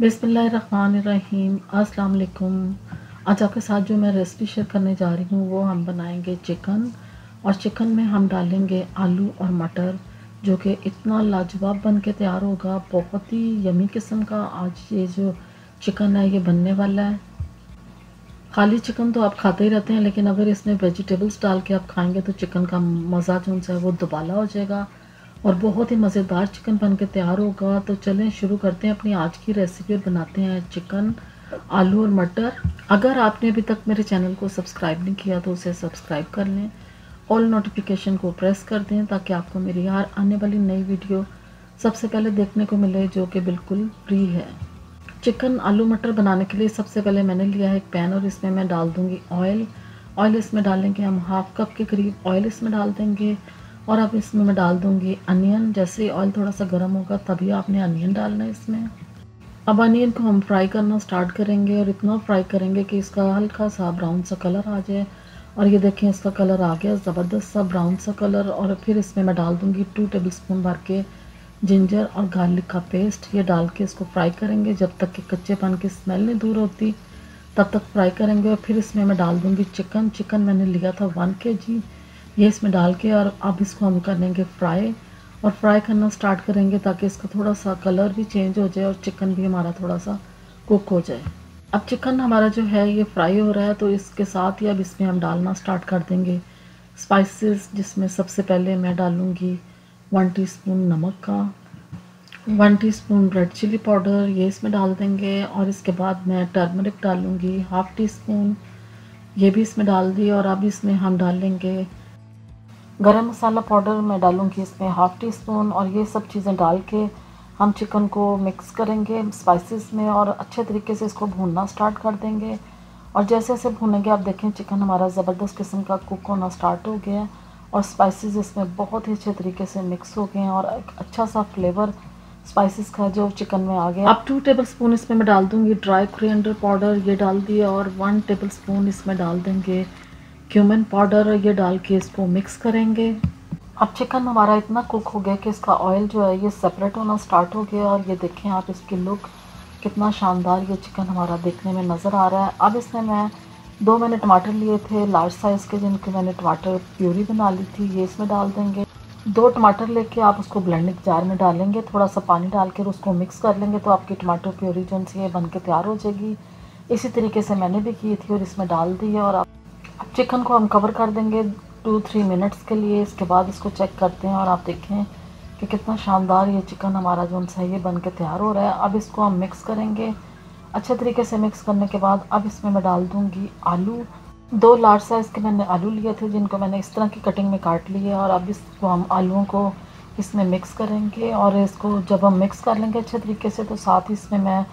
बिसमीम अस्सलाम आज आपके साथ जो मैं रेसिपी शेयर करने जा रही हूँ वो हम बनाएंगे चिकन और चिकन में हम डालेंगे आलू और मटर जो कि इतना लाजवाब बन के तैयार होगा बहुत ही यमी किस्म का आज ये जो चिकन है ये बनने वाला है खाली चिकन तो आप खाते ही रहते हैं लेकिन अगर इसमें वेजिटेबल्स डाल के आप खाएंगे तो चिकन का मज़ा जो है वो दुबाला हो जाएगा और बहुत ही मज़ेदार चिकन बन के तैयार होगा तो चलें शुरू करते हैं अपनी आज की रेसिपी और बनाते हैं चिकन आलू और मटर अगर आपने अभी तक मेरे चैनल को सब्सक्राइब नहीं किया तो उसे सब्सक्राइब कर लें ऑल नोटिफिकेशन को प्रेस कर दें ताकि आपको मेरी हर आने वाली नई वीडियो सबसे पहले देखने को मिले जो कि बिल्कुल फ्री है चिकन आलू मटर बनाने के लिए सबसे पहले मैंने लिया है एक पैन और इसमें मैं डाल दूँगी ऑयल ऑयल इसमें डालेंगे हम हाफ कप के करीब ऑयल इसमें डाल देंगे और अब इसमें मैं डाल दूँगी अनियन जैसे ही ऑयल थोड़ा सा गर्म होगा तभी आपने अनियन डालना है इसमें अब अनियन को हम फ्राई करना स्टार्ट करेंगे और इतना फ्राई करेंगे कि इसका हल्का सा ब्राउन सा कलर आ जाए और ये देखें इसका कलर आ गया ज़बरदस्त सा ब्राउन सा कलर और फिर इसमें मैं डाल दूँगी टू टेबल स्पून भर के जिंजर और गार्लिक का पेस्ट ये डाल के इसको फ्राई करेंगे जब तक कि कच्चे पान की स्मेल नहीं दूर होती तब तक फ्राई करेंगे और फिर इसमें मैं डाल दूँगी चिकन चिकन मैंने लिया था वन के जी ये इसमें डाल के और अब इसको हम करेंगे फ्राई और फ्राई करना स्टार्ट करेंगे ताकि इसका थोड़ा सा कलर भी चेंज हो जाए और चिकन भी हमारा थोड़ा सा कुक हो जाए अब चिकन हमारा जो है ये फ्राई हो रहा है तो इसके साथ ही अब इसमें हम डालना स्टार्ट कर देंगे स्पाइसेस जिसमें सबसे पहले मैं डालूँगी वन टी नमक का one tea red chilli powder ये इसमें डाल देंगे और इसके बाद मैं टर्मरिक डालूँगी हाफ़ टी स्पून ये भी इसमें डाल दी और अब इसमें हम डालेंगे गरम मसाला पाउडर मैं डालूँगी इसमें हाफ़ टी स्पून और ये सब चीज़ें डाल के हम चिकन को मिक्स करेंगे स्पाइसेस में और अच्छे तरीके से इसको भूनना स्टार्ट कर देंगे और जैसे जैसे भूनेंगे आप देखें चिकन हमारा ज़बरदस्त किस्म का कुक होना स्टार्ट हो गया है और स्पाइसेस इसमें बहुत ही अच्छे तरीके से मिक्स हो गए हैं और एक अच्छा सा फ्लेवर स्पाइसेस का जो चिकन में आ गया अब टू टेबल स्पून इसमें मैं डाल दूँगी ड्राई क्रियडर पाउडर ये डाल दिया और वन टेबल स्पून इसमें डाल देंगे क्यूमन पाउडर ये डाल के इसको मिक्स करेंगे अब चिकन हमारा इतना कुक हो गया कि इसका ऑयल जो है ये सेपरेट होना स्टार्ट हो गया और ये देखें आप इसकी लुक कितना शानदार ये चिकन हमारा देखने में नज़र आ रहा है अब इसमें मैं दो मैंने टमाटर लिए थे लार्ज साइज़ के जिनके मैंने टमाटर प्यूरी बना ली थी ये इसमें डाल देंगे दो टमाटर लेके आप उसको ब्लेंडिंग जार में डालेंगे थोड़ा सा पानी डाल कर उसको मिक्स कर लेंगे तो आपकी टमाटर प्योरी जो है बन के तैयार हो जाएगी इसी तरीके से मैंने भी की थी और इसमें डाल दी है और आप अब चिकन को हम कवर कर देंगे टू थ्री मिनट्स के लिए इसके बाद इसको चेक करते हैं और आप देखें कि कितना शानदार ये चिकन हमारा जो है ये बन के तैयार हो रहा है अब इसको हम मिक्स करेंगे अच्छे तरीके से मिक्स करने के बाद अब इसमें मैं डाल दूँगी आलू दो लार्ज साइज़ के मैंने आलू लिए थे जिनको मैंने इस तरह की कटिंग में काट लिए और अब इसको हम आलुओं को इसमें मिक्स करेंगे और इसको जब हम मिक्स कर लेंगे अच्छे तरीके से तो साथ ही इसमें मैं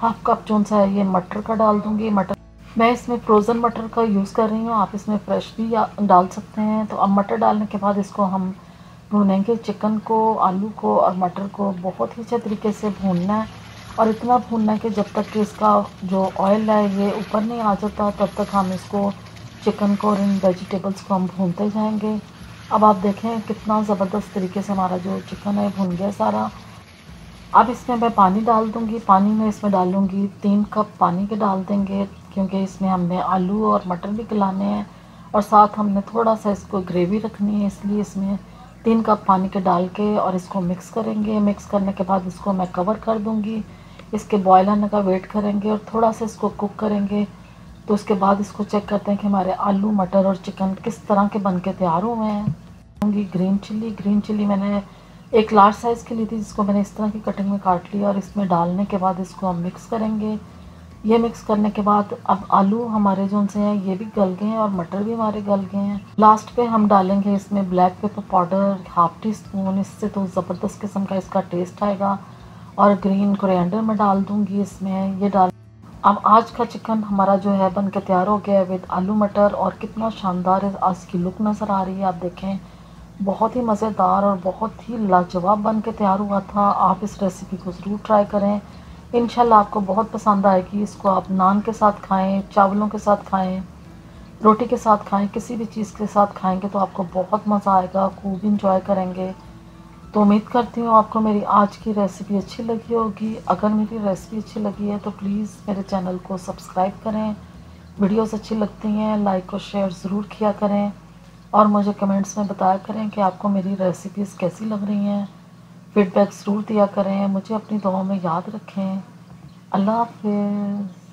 हाफ़ कप जो सा ये मटर का डाल दूँगी मटर मैं इसमें फ्रोज़न मटर का यूज़ कर रही हूँ आप इसमें फ्रेश भी डाल सकते हैं तो अब मटर डालने के बाद इसको हम भूनेंगे चिकन को आलू को और मटर को बहुत ही अच्छे तरीके से भूनना है और इतना भूनना है कि जब तक कि इसका जो ऑयल है ये ऊपर नहीं आ जाता तब तक हम इसको चिकन को और इन वेजिटेबल्स को हम भूनते जाएंगे अब आप देखें कितना ज़बरदस्त तरीके से हमारा जो चिकन है भून गया सारा अब इसमें मैं पानी डाल दूँगी पानी में इसमें डालूँगी तीन कप पानी के डाल देंगे क्योंकि इसमें हमने आलू और मटर भी गलाने हैं और साथ हमने थोड़ा सा इसको ग्रेवी रखनी है इसलिए इसमें तीन कप पानी के डाल के और इसको मिक्स करेंगे मिक्स करने के बाद इसको मैं कवर कर दूँगी इसके बॉयल आने का वेट करेंगे और थोड़ा सा इसको कुक करेंगे तो उसके बाद इसको चेक करते हैं कि हमारे आलू मटर और चिकन किस तरह के बन के तैयार हुए हैं होंगी ग्रीन चिल्ली ग्रीन चिल्ली मैंने एक लार्ज साइज़ की ली थी जिसको मैंने इस तरह की कटिंग में काट लिया और इसमें डालने के बाद इसको हम मिक्स करेंगे ये मिक्स करने के बाद अब आलू हमारे जो उनसे हैं ये भी गल गए हैं और मटर भी हमारे गल गए हैं लास्ट पे हम डालेंगे इसमें black pepper powder half teaspoon इससे तो ज़बरदस्त किस्म का इसका टेस्ट आएगा और ग्रीन कोरिएंडर मैं डाल दूँगी इसमें ये डाल अब आज का चिकन हमारा जो है बन के तैयार हो गया है विद आलू मटर और कितना शानदार आज की लुक नज़र आ रही है आप देखें बहुत ही मज़ेदार और बहुत ही लाजवाब बन के तैयार हुआ था आप इस रेसिपी को ज़रूर ट्राई करें इनशाला आपको बहुत पसंद आएगी इसको आप नान के साथ खाएं चावलों के साथ खाएं रोटी के साथ खाएं किसी भी चीज़ के साथ खाएंगे तो आपको बहुत मज़ा आएगा खूब इंजॉय करेंगे तो उम्मीद करती हूँ आपको मेरी आज की रेसिपी अच्छी लगी होगी अगर मेरी रेसिपी अच्छी लगी है तो प्लीज़ मेरे चैनल को सब्सक्राइब करें वीडियोस अच्छी लगती हैं लाइक और शेयर ज़रूर किया करें और मुझे कमेंट्स में बताया करें कि आपको मेरी रेसिपीज़ कैसी लग रही हैं फीडबैक ज़रूर दिया करें मुझे अपनी दुआओं में याद रखें अल्लाह हाफ